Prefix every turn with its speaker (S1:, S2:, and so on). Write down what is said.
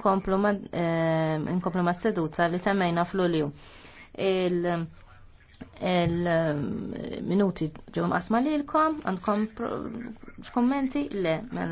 S1: nkomplu ma eh, seduta li temmejna fl-ulju. Il-minuti eh, asma ġew l-kom, għandkom
S2: kommenti le mela.